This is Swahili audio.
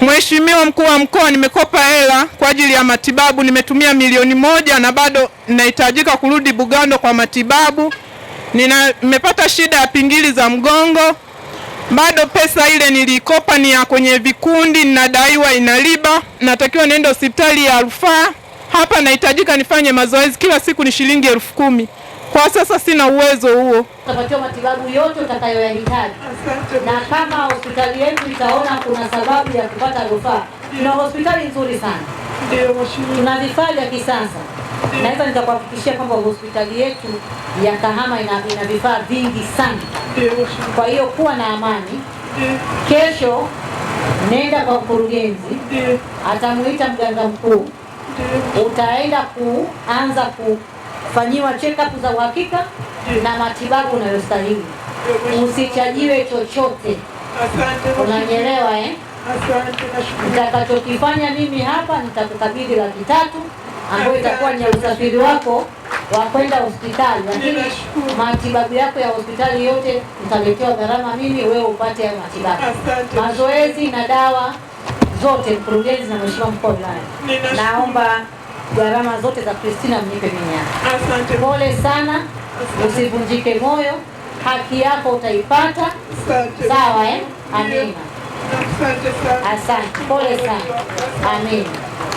Mheshimiwa mkuu wa mkoa, nimekopa hela kwa ajili ya matibabu, nimetumia milioni moja na bado ninahitajika kurudi Bugando kwa matibabu. Nimepata shida ya pingili za mgongo, bado pesa ile nilikopa ni ya kwenye vikundi, ninadaiwa inaliba. Natakiwa niende hospitali ya rufaa hapa, nahitajika nifanye mazoezi kila siku, ni shilingi elfu kumi. Kwa sasa sina uwezo huo. Utapatiwa matibabu yote utakayoyahitaji, na kama hospitali yetu itaona kuna sababu ya kupata rufaa, tuna hospitali nzuri sana, tuna vifaa vya kisasa. Naweza nikakuhakikishia kwamba hospitali yetu ya Kahama ina, ina vifaa vingi sana. Kwa hiyo kuwa na amani. Kesho nenda kwa mkurugenzi, atamuita mganga mkuu, utaenda kuanza ku fanyiwa check up za uhakika na matibabu unayostahili, usichajiwe chochote. unanyelewa eh? Nitakachokifanya mimi hapa nitakukabidhi laki tatu ambayo itakuwa ni usafiri wako wa kwenda hospitali, lakini matibabu yako ya hospitali yote utaletewa gharama mimi, wewe upate hayo matibabu, mazoezi na dawa zote. Mkurugenzi na mheshimiwa mkuu wa wilaya, naomba gharama zote za Christina mnipe mimi Asante. Pole sana, usivunjike moyo, haki yako utaipata. Asante. Sawa eh? Amina. Asante sana. Asante. Pole sana. Amina.